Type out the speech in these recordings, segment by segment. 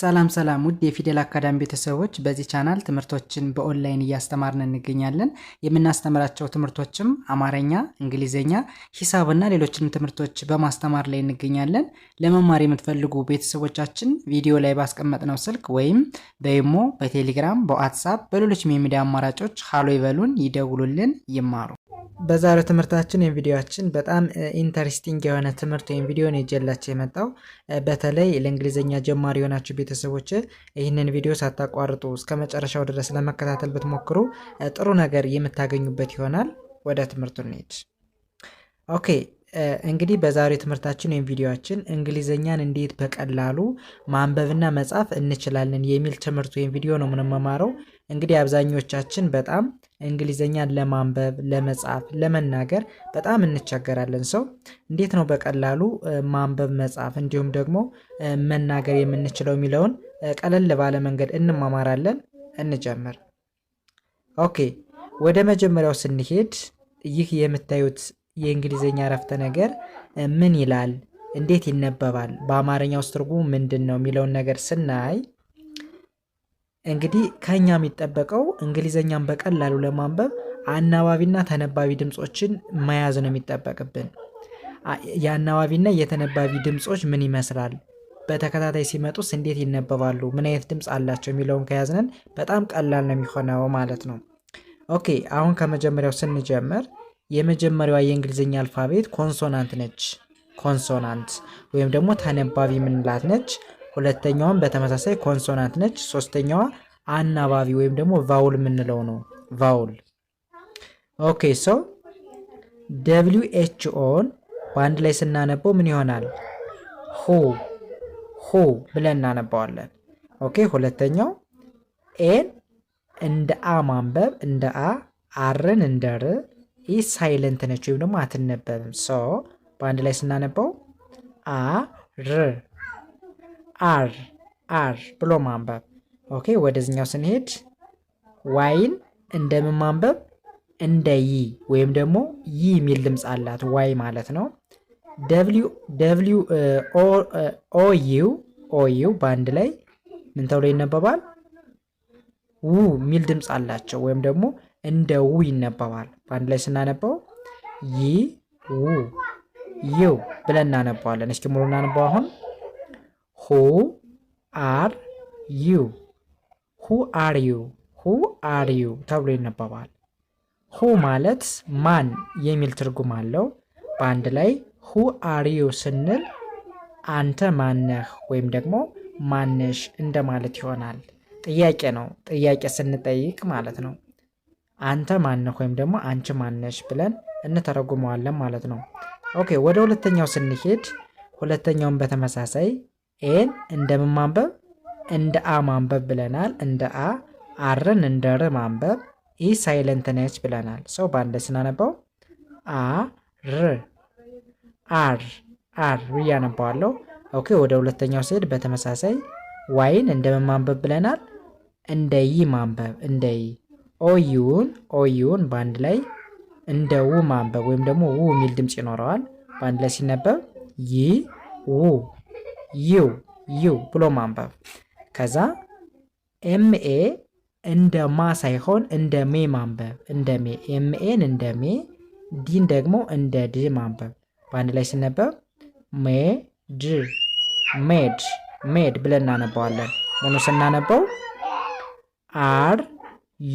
ሰላም ሰላም ውድ የፊደል አካዳሚ ቤተሰቦች፣ በዚህ ቻናል ትምህርቶችን በኦንላይን እያስተማርን እንገኛለን። የምናስተምራቸው ትምህርቶችም አማረኛ፣ እንግሊዝኛ፣ ሂሳብና ሌሎችንም ትምህርቶች በማስተማር ላይ እንገኛለን። ለመማር የምትፈልጉ ቤተሰቦቻችን ቪዲዮ ላይ ባስቀመጥነው ስልክ ወይም በይሞ፣ በቴሌግራም፣ በዋትሳፕ፣ በሌሎች የሚዲያ አማራጮች ሀሎ ይበሉን፣ ይደውሉልን፣ ይማሩ። በዛሬው ትምህርታችን ወይም ቪዲዮችን በጣም ኢንተረስቲንግ የሆነ ትምህርት ወይም ቪዲዮ ነው ይዤላችሁ የመጣው። በተለይ ለእንግሊዝኛ ጀማሪ የሆናችሁ ቤተሰቦች ይህንን ቪዲዮ ሳታቋርጡ እስከ መጨረሻው ድረስ ለመከታተል ብትሞክሩ ጥሩ ነገር የምታገኙበት ይሆናል። ወደ ትምህርቱ እንሂድ። ኦኬ እንግዲህ በዛሬው ትምህርታችን ወይም ቪዲዮችን እንግሊዝኛን እንዴት በቀላሉ ማንበብና መጻፍ እንችላለን የሚል ትምህርት ወይም ቪዲዮ ነው የምንመማረው። እንግዲህ አብዛኞቻችን በጣም እንግሊዝኛን ለማንበብ፣ ለመጻፍ፣ ለመናገር በጣም እንቸገራለን። ሰው እንዴት ነው በቀላሉ ማንበብ፣ መጻፍ እንዲሁም ደግሞ መናገር የምንችለው የሚለውን ቀለል ባለ መንገድ እንማማራለን። እንጀምር። ኦኬ፣ ወደ መጀመሪያው ስንሄድ ይህ የምታዩት የእንግሊዝኛ ረፍተ ነገር ምን ይላል፣ እንዴት ይነበባል፣ በአማርኛ ውስጥ ትርጉሙ ምንድን ነው የሚለውን ነገር ስናይ እንግዲህ ከኛ የሚጠበቀው እንግሊዝኛን በቀላሉ ለማንበብ አናባቢና ተነባቢ ድምፆችን መያዝ ነው የሚጠበቅብን። የአናባቢና የተነባቢ ድምፆች ምን ይመስላል፣ በተከታታይ ሲመጡስ እንዴት ይነበባሉ፣ ምን አይነት ድምፅ አላቸው የሚለውን ከያዝነን በጣም ቀላል ነው የሚሆነው ማለት ነው። ኦኬ አሁን ከመጀመሪያው ስንጀምር የመጀመሪያዋ የእንግሊዝኛ አልፋቤት ኮንሶናንት ነች። ኮንሶናንት ወይም ደግሞ ተነባቢ የምንላት ነች። ሁለተኛዋም በተመሳሳይ ኮንሶናንት ነች። ሶስተኛዋ አናባቢ ወይም ደግሞ ቫውል የምንለው ነው። ቫውል ኦኬ። ሶ ደብሊው ኤች ኦን በአንድ ላይ ስናነበው ምን ይሆናል? ሁ ሁ ብለን እናነባዋለን። ኦኬ። ሁለተኛው ኤን እንደ አ ማንበብ እንደ አ፣ አርን እንደ ር ይህ ሳይለንት ነች ወይም ደግሞ አትነበብም። ሶ በአንድ ላይ ስናነበው አ ር አር አር ብሎ ማንበብ። ኦኬ ወደዚኛው ስንሄድ ዋይን እንደምን ማንበብ እንደ ይ ወይም ደግሞ ይ የሚል ድምፅ አላት ዋይ ማለት ነው። ደብሊው ኦ ዩ ኦ ዩ በአንድ ላይ ምን ተብሎ ይነበባል? ው የሚል ድምፅ አላቸው ወይም ደግሞ እንደ ው ይነበባል። በአንድ ላይ ስናነበው ይ ው ይው ብለን እናነበዋለን። እስኪ ሙሉ እናነበው። አሁን ሁ አር ዩ ሁ አር ዩ ሁ አር ዩ ተብሎ ይነበባል። ሁ ማለት ማን የሚል ትርጉም አለው። በአንድ ላይ ሁ አር ዩ ስንል አንተ ማነህ ወይም ደግሞ ማነሽ እንደማለት ይሆናል። ጥያቄ ነው። ጥያቄ ስንጠይቅ ማለት ነው። አንተ ማነህ ወይም ደግሞ አንቺ ማነሽ ብለን እንተረጉመዋለን ማለት ነው። ኦኬ ወደ ሁለተኛው ስንሄድ ሁለተኛውን በተመሳሳይ ኤን እንደምን ማንበብ እንደ አ ማንበብ ብለናል። እንደ አ አርን እንደ ር ማንበብ ኢ ሳይለንት ነች ብለናል። ሰው በአንድ ስናነባው አ ር አር አር ብያነባዋለሁ። ኦኬ ወደ ሁለተኛው ስሄድ በተመሳሳይ ዋይን እንደምን ማንበብ ብለናል። እንደ ይ ማንበብ እንደ ይ ኦዩን ኦዩን በአንድ ላይ እንደ ው ማንበብ ወይም ደግሞ ው የሚል ድምፅ ይኖረዋል። በአንድ ላይ ሲነበብ ይ ው ዩ ዩ ብሎ ማንበብ። ከዛ ኤምኤ እንደ ማ ሳይሆን እንደ ሜ ማንበብ እንደ ሜ ኤምኤን እንደ ሜ ዲን ደግሞ እንደ ድ ማንበብ። በአንድ ላይ ሲነበብ ሜ ድ ሜድ ሜድ ብለን እናነባዋለን። ሆኖ ስናነበው አር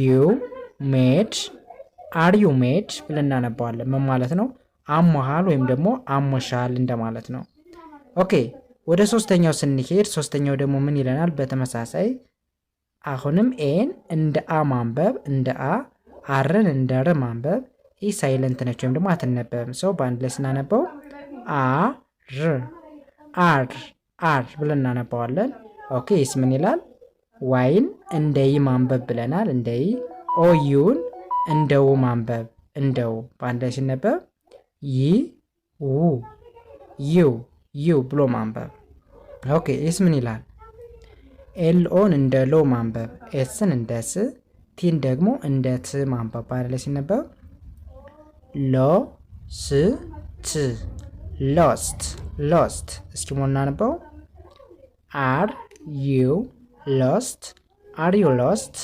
ዩ ሜድ አር ዩ ሜድ ብለን እናነባዋለን። ምን ማለት ነው? አሞሃል ወይም ደግሞ አሞሻል እንደማለት ነው። ኦኬ ወደ ሶስተኛው ስንሄድ ሶስተኛው ደግሞ ምን ይለናል? በተመሳሳይ አሁንም ኤን እንደ አ ማንበብ እንደ አ አርን እንደ ር ማንበብ ኢ ሳይለንት ነች ወይም ደግሞ አትነበብም። ሰው በአንድ ላይ ስናነበው አ ር አር አር ብለን እናነባዋለን። ኦኬ ይስ ምን ይላል? ዋይን እንደ ይ ማንበብ ብለናል። እንደ ይ ኦዩን ው ማንበብ እንደው በአንድ ላይ ሲነበብ ይ ው ዩ ዩ ብሎ ማንበብ። ኦኬ ኤስ ምን ይላል? ኤልኦን እንደ ሎ ማንበብ፣ ኤስን እንደ ስ፣ ቲን ደግሞ እንደ ት ማንበብ። በአንድ ላይ ሲነበብ ሎ ስ ት ሎስት ሎስት። እስኪ ሞል እናነበው አር ዩ ሎስት አር ዩ ሎስት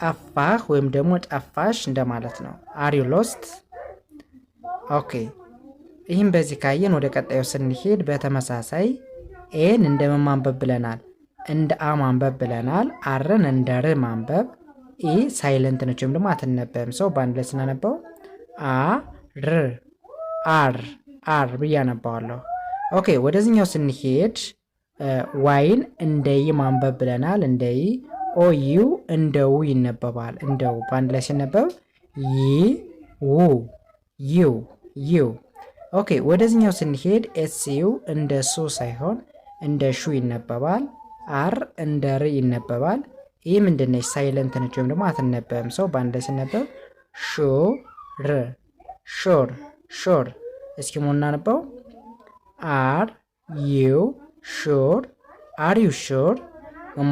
ጠፋህ ወይም ደግሞ ጠፋሽ እንደማለት ነው። አር ዩ ሎስት ኦኬ። ይህም በዚህ ካየን ወደ ቀጣዩ ስንሄድ በተመሳሳይ ኤን እንደምን ማንበብ ብለናል? እንደ አ ማንበብ ብለናል። አርን እንደ ር ማንበብ። ኢ ሳይለንት ነች ወይም ደግሞ አትነበብም። ሰው በአንድ ላይ ስናነበው አ ር አር አር ብዬ አነባዋለሁ። ኦኬ ወደዚህኛው ስንሄድ ዋይን እንደይ ማንበብ ብለናል። እንደይ ኦዩ እንደው ይነበባል። እንደው በአንድ ላይ ሲነበብ ይ ው ዩ ዩ። ኦኬ ወደዚኛው ስንሄድ ኤስዩ እንደ ሱ ሳይሆን እንደ ሹ ይነበባል። አር እንደ ር ይነበባል። ይህ ምንድነች? ሳይለንት ነች ወይም ደግሞ አትነበብም። ሰው በአንድ ላይ ሲነበብ ሹር ሾር ሾር። እስኪ ሞ እናነበው አር ዩ ሹር አር ዩ ሹር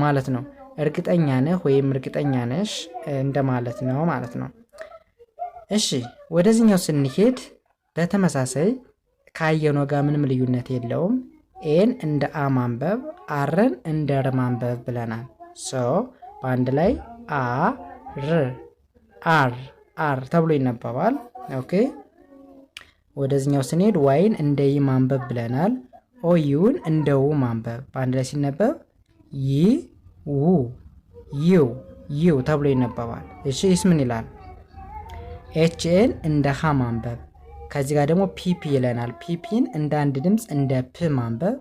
ማለት ነው። እርግጠኛ ነህ ወይም እርግጠኛ ነሽ እንደማለት ነው ማለት ነው። እሺ ወደዚህኛው ስንሄድ በተመሳሳይ ካየኖ ጋር ምንም ልዩነት የለውም። ኤን እንደ አ ማንበብ አርን እንደ ር ማንበብ ብለናል። ሶ በአንድ ላይ አ ር አር አር ተብሎ ይነበባል። ኦኬ ወደዚኛው ስንሄድ ዋይን እንደ ይ ማንበብ ብለናል። ኦዩን እንደ ው ማንበብ በአንድ ላይ ሲነበብ ይ ው ይው ይው ተብሎ ይነበባል። እሺ ይስ ምን ይላል? ኤችኤን እንደ ሀ ማንበብ። ከዚህ ጋር ደግሞ ፒፒ ይለናል። ፒፒን እንደ አንድ ድምፅ እንደ ፕ ማንበብ፣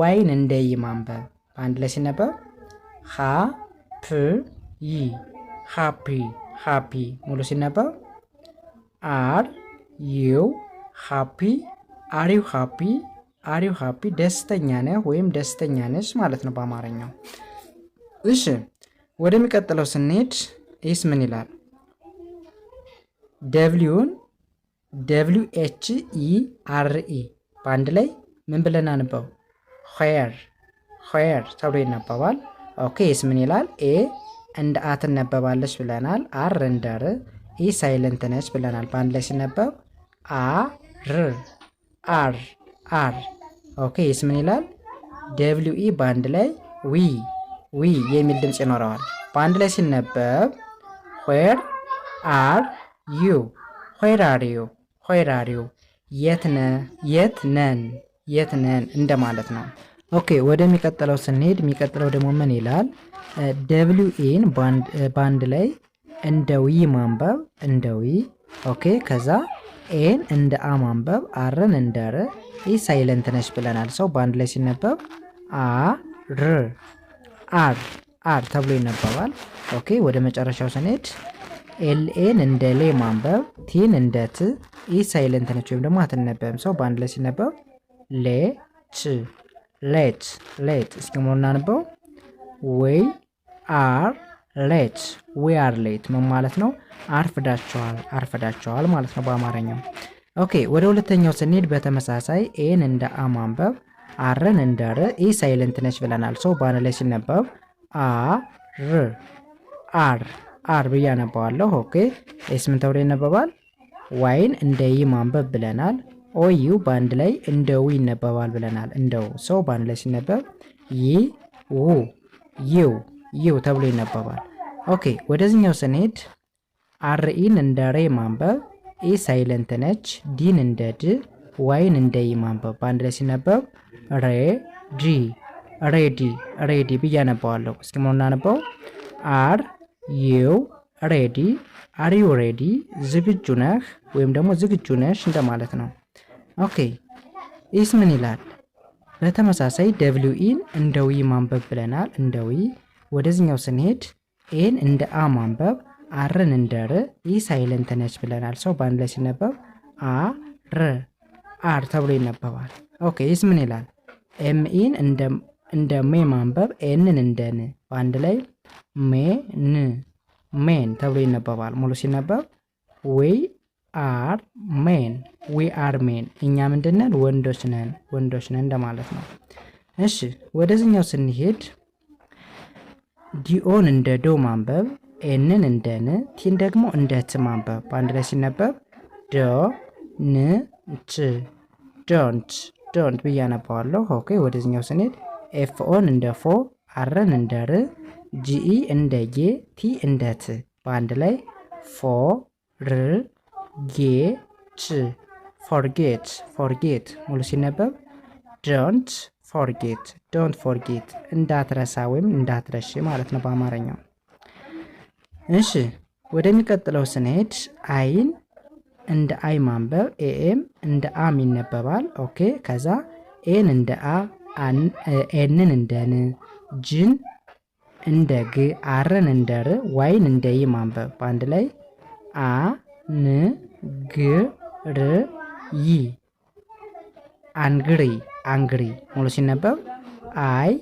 ዋይን እንደ ይ ማንበብ። በአንድ ላይ ሲነበብ ሀ ፕ ይ ሃፒ ሃፒ። ሙሉ ሲነበብ አር ዩ ሃፒ አር ዩ ሃፒ አሪው ሀፒ ደስተኛ ነህ ወይም ደስተኛ ነች ማለት ነው በአማርኛው። እሺ ወደሚቀጥለው ስንሄድ ይስ ምን ይላል? ደብሊውን ደብሊው ኤች ኢ አር ኢ በአንድ ላይ ምን ብለን አንበው? ር ር ተብሎ ይነበባል። ኦኬ ይስ ምን ይላል? ኤ እንደ አ ትነበባለች ብለናል። አር እንደ ር፣ ኢ ሳይለንት ነች ብለናል። በአንድ ላይ ሲነበብ አር አር አር ኦኬ ይስ ምን ይላል? ደብሊው ኢ በአንድ ላይ ዊ ዊ የሚል ድምፅ ይኖረዋል። በአንድ ላይ ሲነበብ ዌር አር ዩ ዌር አር ዩ ዌር አር ዩ የት ነን የት ነን እንደማለት ነው። ኦኬ ወደሚቀጥለው ስንሄድ የሚቀጥለው ደግሞ ምን ይላል? ደብሊው ኢን በአንድ ላይ እንደ ዊ ማንበብ እንደ ዊ ኦኬ ከዛ ኤን እንደ አ ማንበብ አርን እንደ ር ኢ ሳይለንት ነች ብለናል። ሰው በአንድ ላይ ሲነበብ አ ር አር አር ተብሎ ይነበባል። ኦኬ ወደ መጨረሻው ስንሄድ ኤልኤን እንደ ሌ ማንበብ ቲን እንደ ት ኢ ሳይለንት ነች ወይም ደግሞ አትነበብም። ሰው በአንድ ላይ ሲነበብ ሌ ች ሌት ሌት። እስኪ ሞ እናንበው ወይ አር ሌት ዊ አር ሌት ምን ማለት ነው? አርፍዳቸዋል አርፍዳቸዋል ማለት ነው በአማርኛው። ኦኬ ወደ ሁለተኛው ስንሄድ በተመሳሳይ ኤን እንደ አ ማንበብ አርን እንደ ር ኢ ሳይለንት ነች ብለናል። ሰው በአንድ ላይ ሲነበብ አ ር አር አር ብዬ አነባዋለሁ። ኦኬ ኤስ ምን ተብሎ ይነበባል? ዋይን እንደ ይ ማንበብ ብለናል። ኦዩ በአንድ ላይ እንደ ው ይነበባል ብለናል። እንደው ሰው በአንድ ላይ ሲነበብ ይ ው ይው ይው ተብሎ ይነበባል። ኦኬ ወደዚህኛው ስንሄድ አርኢን እንደ ሬ ማንበብ፣ ኤ ሳይለንት ነች፣ ዲን እንደ ድ፣ ዋይን እንደ ይ ማንበብ። በአንድ ላይ ሲነበብ ሬ ዲ ሬዲ ሬዲ ብዬ አነባዋለሁ። እስኪ ሞ እናነበው አር ዩ ሬዲ አር ዩ ሬዲ፣ ዝግጁ ነህ ወይም ደግሞ ዝግጁ ነሽ እንደማለት ነው። ኦኬ ኢስ ምን ይላል? በተመሳሳይ ደብሊው ኢን እንደ ዊ ማንበብ ብለናል፣ እንደ ዊ። ወደዚህኛው ስንሄድ ኤን እንደ አ ማንበብ አርን እንደ ር ይህ ሳይለንት ነች ብለናል። ሰው በአንድ ላይ ሲነበብ አ ር አር ተብሎ ይነበባል። ኦኬ ይስ ምን ይላል? ኤምኢን እንደ ሜ ማንበብ ኤንን እንደ ን በአንድ ላይ ሜ ን ሜን ተብሎ ይነበባል። ሙሉ ሲነበብ ዊ አር ሜን ዊ አር ሜን እኛ ምንድነን? ወንዶች ነን፣ ወንዶች ነን እንደማለት ነው። እሺ ወደዚህኛው ስንሄድ ዲኦን እንደ ዶ ማንበብ፣ ኤንን እንደ ን፣ ቲን ደግሞ እንደ ት ማንበብ። በአንድ ላይ ሲነበብ ዶ ን ት ዶንት ዶንት ብዬ አነባዋለሁ። ኦኬ ወደዚኛው ስንሄድ ኤፍኦን እንደ ፎ፣ አርን እንደ ር፣ ጂኢ እንደ ጌ፣ ቲ እንደ ት። በአንድ ላይ ፎ ር ጌ ት ፎርጌት ፎርጌት ሙሉ ሲነበብ ዶንት ፎርጌት ዶንት ፎርጌት እንዳትረሳ ወይም እንዳትረሽ ማለት ነው በአማርኛው። እሺ ወደሚቀጥለው ስንሄድ አይን እንደ አይ ማንበብ ኤኤም እንደ አም ይነበባል። ኦኬ ከዛ ኤን እንደ አ ኤንን እንደ ን ጅን እንደ ግ አርን እንደ ር ዋይን እንደ ይ ማንበብ በአንድ ላይ አ ን ግ ር ይ አንግሪ አንግሪ ሙሉ ሲነበብ አይ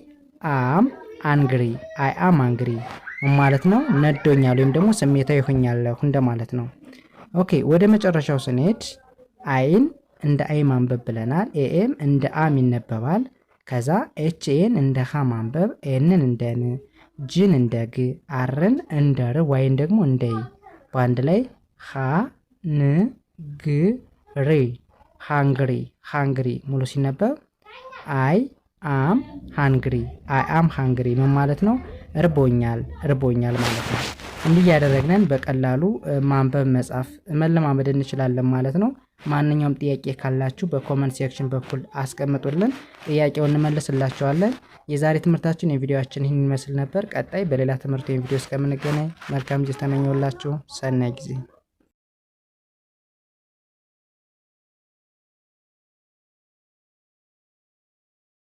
አም አንግሪ አይ አም አንግሪ ማለት ነው። ነዶኛል ወይም ደግሞ ስሜታዊ ሆኛለሁ እንደማለት ነው። ኦኬ ወደ መጨረሻው ስንሄድ አይን እንደ አይ ማንበብ ብለናል። ኤኤም እንደ አም ይነበባል። ከዛ ኤችኤን እንደ ሃ ማንበብ፣ ኤንን እንደ ን፣ ጅን እንደ ግ፣ አርን እንደ ር፣ ዋይን ደግሞ እንደ ይ። በአንድ ላይ ሃ ን ግ ሪ ሃንግሪ ሃንግሪ ሙሉ ሲነበብ አይ አም ሃንግሪ አይ አም ሃንግሪ ምን ማለት ነው? እርቦኛል እርቦኛል ማለት ነው። እንዲህ እያደረግነን በቀላሉ ማንበብ መጻፍ መለማመድ እንችላለን ማለት ነው። ማንኛውም ጥያቄ ካላችሁ በኮመንት ሴክሽን በኩል አስቀምጡልን፣ ጥያቄውን እንመልስላችኋለን። የዛሬ ትምህርታችን የቪዲዮችን ይህን ይመስል ነበር። ቀጣይ በሌላ ትምህርት ወይም ቪዲዮ እስከምንገናኝ መልካም ጊዜ ተመኘውላችሁ። ሰናይ ጊዜ